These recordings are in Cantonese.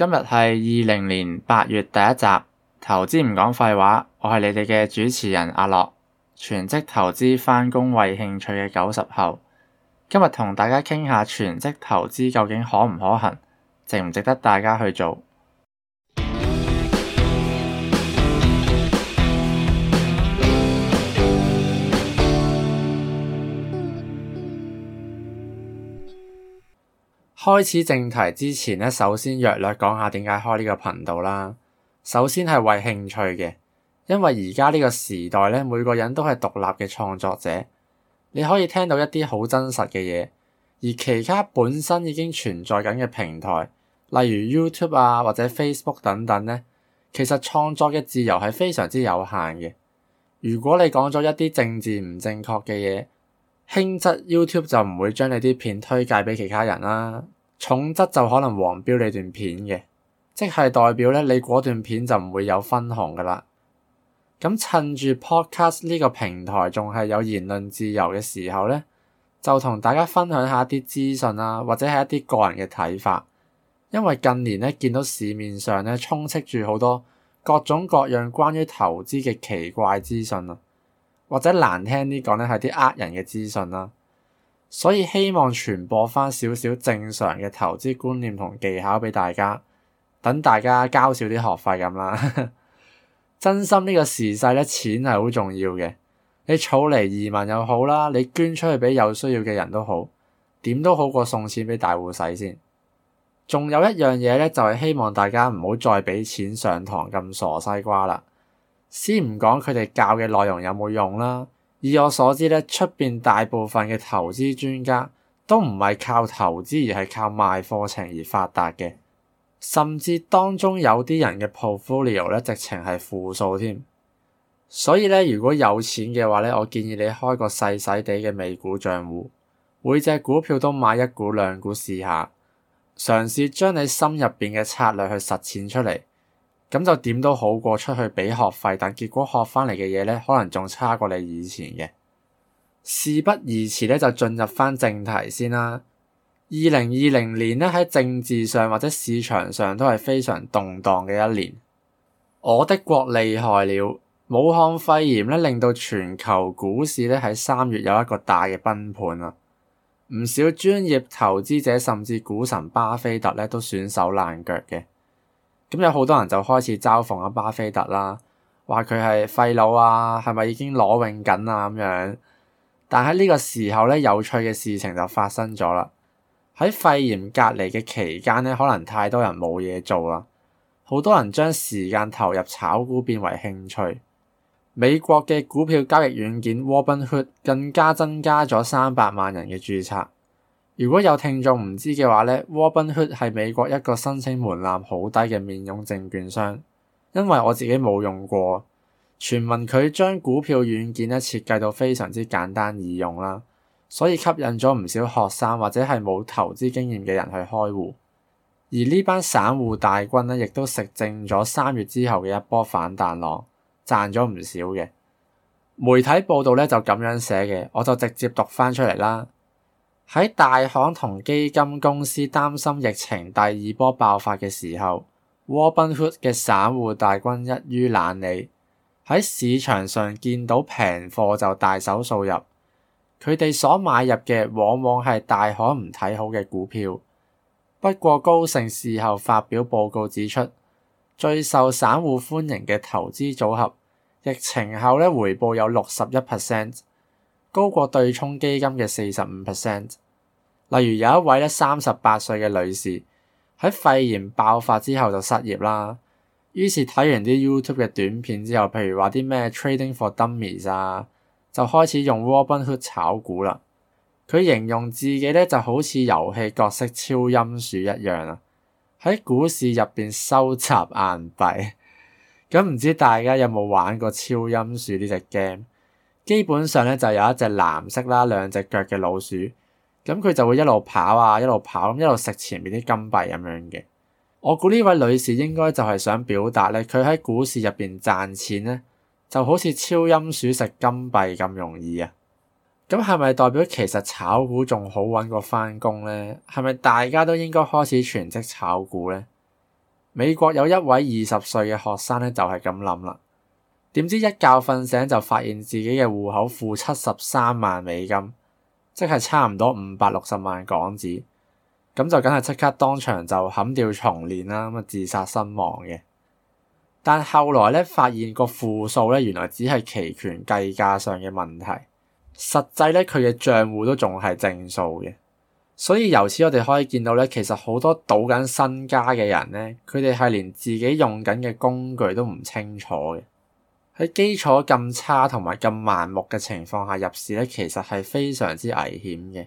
今日係二零年八月第一集，投資唔講廢話。我係你哋嘅主持人阿樂，全職投資返工為興趣嘅九十後。今日同大家傾下全職投資究竟可唔可行，值唔值得大家去做。開始正題之前咧，首先略略講下點解開呢個頻道啦。首先係為興趣嘅，因為而家呢個時代咧，每個人都係獨立嘅創作者，你可以聽到一啲好真實嘅嘢。而其他本身已經存在緊嘅平台，例如 YouTube 啊或者 Facebook 等等咧，其實創作嘅自由係非常之有限嘅。如果你講咗一啲政治唔正確嘅嘢，輕則 YouTube 就唔會將你啲片推介俾其他人啦。重質就可能黃標你段片嘅，即係代表咧你嗰段片就唔會有分紅噶啦。咁趁住 Podcast 呢個平台仲係有言論自由嘅時候咧，就同大家分享下一啲資訊啊，或者係一啲個人嘅睇法，因為近年咧，見到市面上咧，充斥住好多各種各樣關於投資嘅奇怪資訊啊，或者難聽啲講咧係啲呃人嘅資訊啦。所以希望傳播翻少少正常嘅投資觀念同技巧俾大家，等大家交少啲學費咁啦。 真心呢個時勢咧，錢係好重要嘅。你儲嚟移民又好啦，你捐出去俾有需要嘅人都好，點都好過送錢俾大戶使先。仲有一樣嘢咧，就係希望大家唔好再俾錢上堂咁傻西瓜啦。先唔講佢哋教嘅內容有冇用啦。以我所知咧，出邊大部分嘅投資專家都唔係靠投資而係靠賣課程而發達嘅，甚至當中有啲人嘅 portfolio 咧，直情係負數添。所以咧，如果有錢嘅話咧，我建議你開個細細地嘅美股賬戶，每隻股票都買一股兩股試下，嘗試將你心入邊嘅策略去實踐出嚟。咁就點都好過出去俾學費，但結果學翻嚟嘅嘢咧，可能仲差過你以前嘅。事不宜遲咧，就進入翻正題先啦。二零二零年咧，喺政治上或者市場上都係非常動盪嘅一年。我的國厲害了，武漢肺炎咧，令到全球股市咧，喺三月有一個大嘅崩盤啊！唔少專業投資者，甚至股神巴菲特咧，都損手爛腳嘅。咁有好多人就開始嘲諷阿巴菲特啦，話佢係廢佬啊，係咪已經攞永緊啊咁樣？但喺呢個時候咧，有趣嘅事情就發生咗啦。喺肺炎隔離嘅期間咧，可能太多人冇嘢做啦，好多人將時間投入炒股變為興趣。美國嘅股票交易軟件 Robinhood 更加增加咗三百萬人嘅註冊。如果有聽眾唔知嘅話呢，Robinhood 係美國一個申請門檻好低嘅免佣證券商，因為我自己冇用過，傳聞佢將股票軟件咧設計到非常之簡單易用啦，所以吸引咗唔少學生或者係冇投資經驗嘅人去開戶，而呢班散戶大軍呢，亦都食正咗三月之後嘅一波反彈浪，賺咗唔少嘅。媒體報道咧就咁樣寫嘅，我就直接讀翻出嚟啦。喺大行同基金公司擔心疫情第二波爆發嘅時候，Robinhood 嘅散戶大軍一於懶理，喺市場上見到平貨就大手掃入。佢哋所買入嘅往往係大行唔睇好嘅股票。不過高盛事後發表報告指出，最受散戶歡迎嘅投資組合，疫情後嘅回報有六十一 percent。高過對沖基金嘅四十五 percent。例如有一位咧三十八歲嘅女士喺肺炎爆發之後就失業啦，於是睇完啲 YouTube 嘅短片之後，譬如話啲咩 Trading for Dummies 啊，就開始用 Robinhood 炒股啦。佢形容自己咧就好似遊戲角色超音鼠一樣啊，喺股市入邊收集硬幣。咁 唔知大家有冇玩過超音鼠呢隻 game？基本上咧就有一隻藍色啦，兩隻腳嘅老鼠，咁佢就會一路跑啊，一路跑，咁一路食前面啲金幣咁樣嘅。我估呢位女士應該就係想表達咧，佢喺股市入邊賺錢咧，就好似超音鼠食金幣咁容易啊！咁係咪代表其實炒股仲好搵過返工咧？係咪大家都應該開始全職炒股咧？美國有一位二十歲嘅學生咧，就係咁諗啦。點知一覺瞓醒就發現自己嘅戶口負七十三萬美金，即係差唔多五百六十萬港紙咁，就梗係即刻當場就砍掉重練啦，咁啊自殺身亡嘅。但後來咧發現個負數咧，原來只係期權計價上嘅問題，實際咧佢嘅賬戶都仲係正數嘅。所以由此我哋可以見到咧，其實好多賭緊身家嘅人咧，佢哋係連自己用緊嘅工具都唔清楚嘅。喺基礎咁差同埋咁盲目嘅情況下入市咧，其實係非常之危險嘅。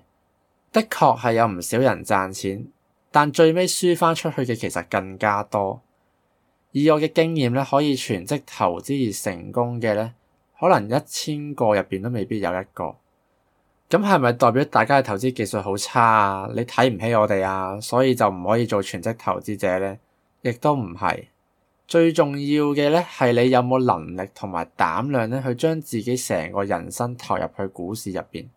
的確係有唔少人賺錢，但最尾輸翻出去嘅其實更加多。以我嘅經驗咧，可以全職投資而成功嘅咧，可能一千個入面都未必有一個。咁係咪代表大家嘅投資技術好差啊？你睇唔起我哋啊？所以就唔可以做全職投資者咧？亦都唔係。最重要嘅咧，係你有冇能力同埋膽量咧，去將自己成個人生投入去股市入邊。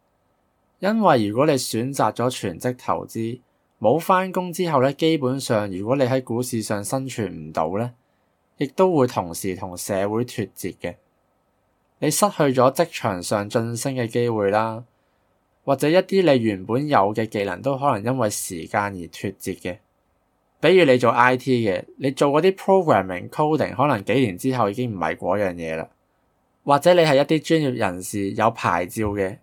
因為如果你選擇咗全職投資，冇返工之後咧，基本上如果你喺股市上生存唔到咧，亦都會同時同社會脫節嘅。你失去咗職場上晉升嘅機會啦，或者一啲你原本有嘅技能都可能因為時間而脫節嘅。比如你做 IT 嘅，你做嗰啲 programming coding，可能幾年之後已經唔係嗰樣嘢啦。或者你係一啲專業人士有牌照嘅，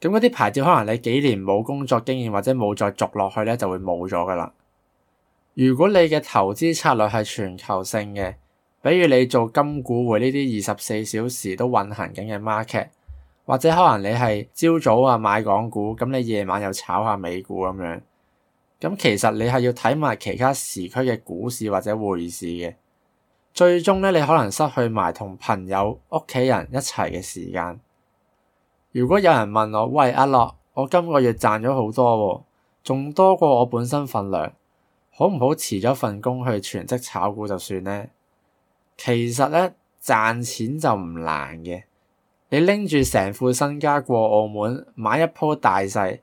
咁嗰啲牌照可能你幾年冇工作經驗或者冇再續落去咧，就會冇咗噶啦。如果你嘅投資策略係全球性嘅，比如你做金股匯呢啲二十四小時都運行緊嘅 market，或者可能你係朝早啊買港股，咁你夜晚又炒下美股咁樣。咁其實你係要睇埋其他時區嘅股市或者匯市嘅，最終咧你可能失去埋同朋友屋企人一齊嘅時間。如果有人問我，喂阿樂，啊，我今個月賺咗好多喎、哦，仲多過我本身份糧，好唔好辭咗份工去全職炒股就算呢。」其實咧賺錢就唔難嘅，你拎住成副身家過澳門買一鋪大細。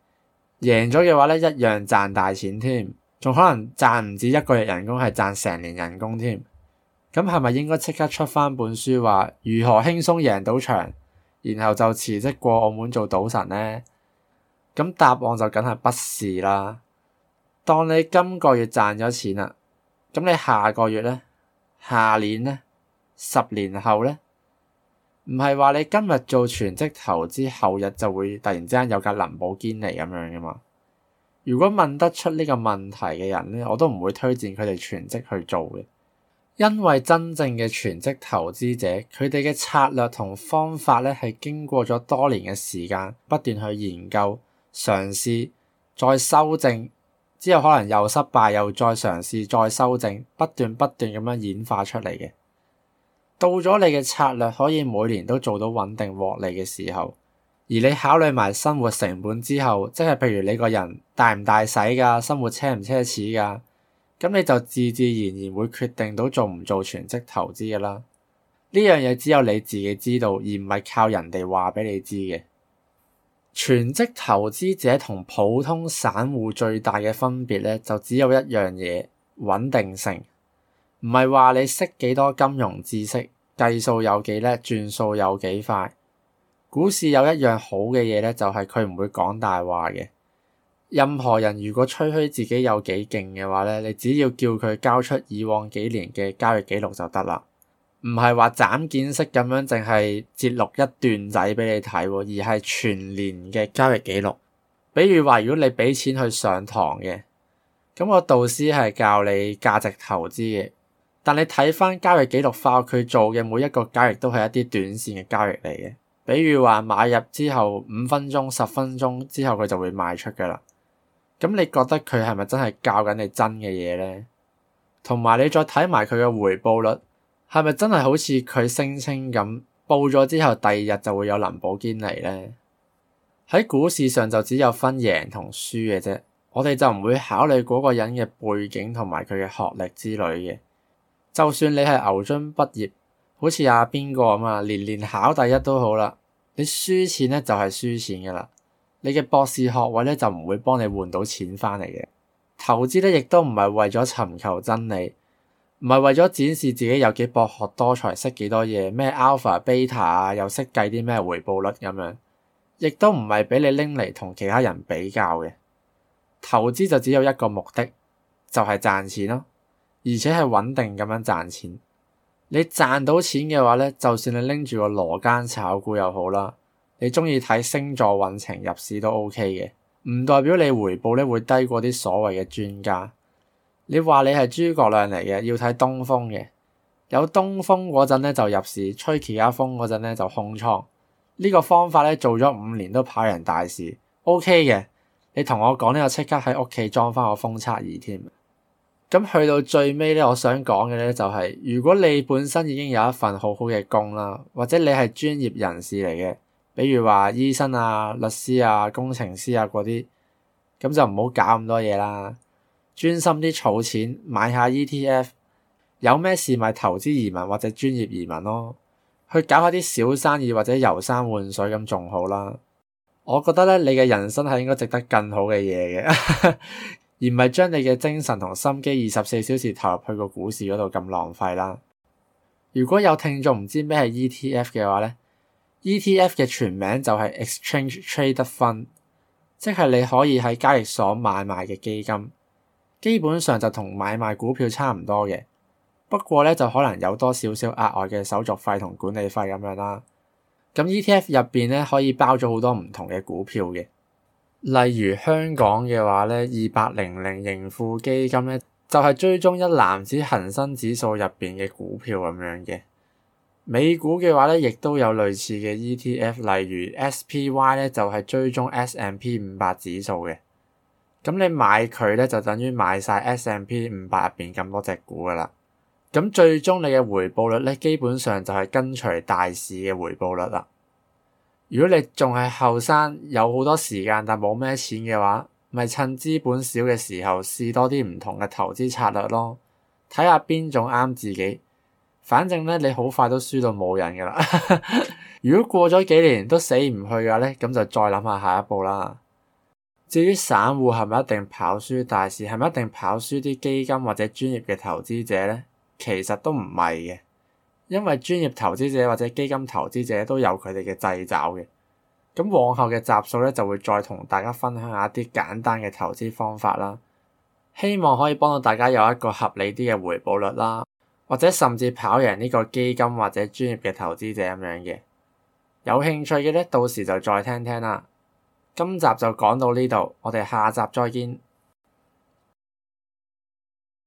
贏咗嘅話咧，一樣賺大錢添，仲可能賺唔止一個月人工，係賺成年人工添。咁係咪應該即刻出翻本書，話如何輕鬆贏賭場，然後就辭職過澳門做賭神咧？咁答案就梗係不是啦。當你今個月賺咗錢啦，咁你下個月咧，下年咧，十年後咧？唔係話你今日做全職投資，後日就會突然之間有架林寶堅尼咁樣嘅嘛？如果問得出呢個問題嘅人咧，我都唔會推薦佢哋全職去做嘅，因為真正嘅全職投資者，佢哋嘅策略同方法咧，係經過咗多年嘅時間，不斷去研究、嘗試、再修正，之後可能又失敗，又再嘗試、再修正，不斷不斷咁樣演化出嚟嘅。到咗你嘅策略可以每年都做到穩定獲利嘅時候，而你考慮埋生活成本之後，即係譬如你個人大唔大使噶，生活奢唔奢侈噶，咁你就自自然然會決定到做唔做全職投資噶啦。呢樣嘢只有你自己知道，而唔係靠人哋話俾你知嘅。全職投資者同普通散戶最大嘅分別咧，就只有一樣嘢：穩定性。唔係話你識幾多金融知識，計數有幾叻，轉數有幾快。股市有一樣好嘅嘢咧，就係佢唔會講大話嘅。任何人如果吹噓自己有幾勁嘅話咧，你只要叫佢交出以往幾年嘅交易記錄就得啦。唔係話斬件式咁樣淨係截錄一段仔俾你睇，而係全年嘅交易記錄。比如話，如果你畀錢去上堂嘅，咁個導師係教你價值投資嘅。但你睇翻交易記錄花，佢做嘅每一個交易都係一啲短線嘅交易嚟嘅，比如話買入之後五分鐘、十分鐘之後佢就會賣出嘅啦。咁你覺得佢係咪真係教緊你真嘅嘢呢？同埋你再睇埋佢嘅回報率係咪真係好似佢聲稱咁報咗之後第二日就會有林寶堅尼呢？喺股市上就只有分贏同輸嘅啫。我哋就唔會考慮嗰個人嘅背景同埋佢嘅學歷之類嘅。就算你係牛津畢業，好似阿邊個咁啊，年年考第一都好啦，你輸錢咧就係輸錢嘅啦，你嘅博士學位咧就唔會幫你換到錢翻嚟嘅。投資咧亦都唔係為咗尋求真理，唔係為咗展示自己有幾博學多才，識幾多嘢，咩 alpha、beta 啊，又識計啲咩回報率咁樣，亦都唔係俾你拎嚟同其他人比較嘅。投資就只有一個目的，就係賺錢咯。而且係穩定咁樣賺錢，你賺到錢嘅話咧，就算你拎住個羅間炒股又好啦，你中意睇星座運程入市都 OK 嘅，唔代表你回報咧會低過啲所謂嘅專家。你話你係諸葛亮嚟嘅，要睇東風嘅，有東風嗰陣咧就入市，吹其他風嗰陣咧就空倉。呢個方法咧做咗五年都跑贏大市，OK 嘅。你同我講呢，我即刻喺屋企裝翻個風測儀添。咁去到最尾咧，我想講嘅咧就係，如果你本身已經有一份好好嘅工啦，或者你係專業人士嚟嘅，比如話醫生啊、律師啊、工程師啊嗰啲，咁就唔好搞咁多嘢啦，專心啲儲錢買下 ETF，有咩事咪投資移民或者專業移民咯，去搞下啲小生意或者遊山玩水咁仲好啦。我覺得咧，你嘅人生係應該值得更好嘅嘢嘅。 而唔係將你嘅精神同心機二十四小時投入去個股市嗰度咁浪費啦。如果有聽眾唔知咩係 ETF 嘅話咧，ETF 嘅全名就係 Exchange Traded Fund，即係你可以喺交易所買賣嘅基金，基本上就同買賣股票差唔多嘅。不過咧就可能有多少少額外嘅手續費同管理費咁樣啦。咁 ETF 入邊咧可以包咗好多唔同嘅股票嘅。例如香港嘅話咧，二八零零盈富基金咧，就係、是、追蹤一籃子恒生指數入邊嘅股票咁樣嘅。美股嘅話咧，亦都有類似嘅 ETF，例如 SPY 咧就係、是、追蹤 S&P 五百指數嘅。咁你買佢咧，就等於買晒 S&P 五百入邊咁多隻股噶啦。咁最終你嘅回報率咧，基本上就係跟隨大市嘅回報率啦。如果你仲係後生，有好多時間但冇咩錢嘅話，咪趁資本少嘅時候試多啲唔同嘅投資策略咯，睇下邊種啱自己。反正咧，你好快都輸到冇人噶啦。 如果過咗幾年都死唔去嘅話咧，咁就再諗下下一步啦。至於散戶係咪一定跑輸大市，係咪一定跑輸啲基金或者專業嘅投資者咧？其實都唔係嘅。因為專業投資者或者基金投資者都有佢哋嘅掣肘嘅，咁往後嘅集數咧就會再同大家分享一下一啲簡單嘅投資方法啦。希望可以幫到大家有一個合理啲嘅回報率啦，或者甚至跑贏呢個基金或者專業嘅投資者咁樣嘅。有興趣嘅咧，到時就再聽聽啦。今集就講到呢度，我哋下集再見。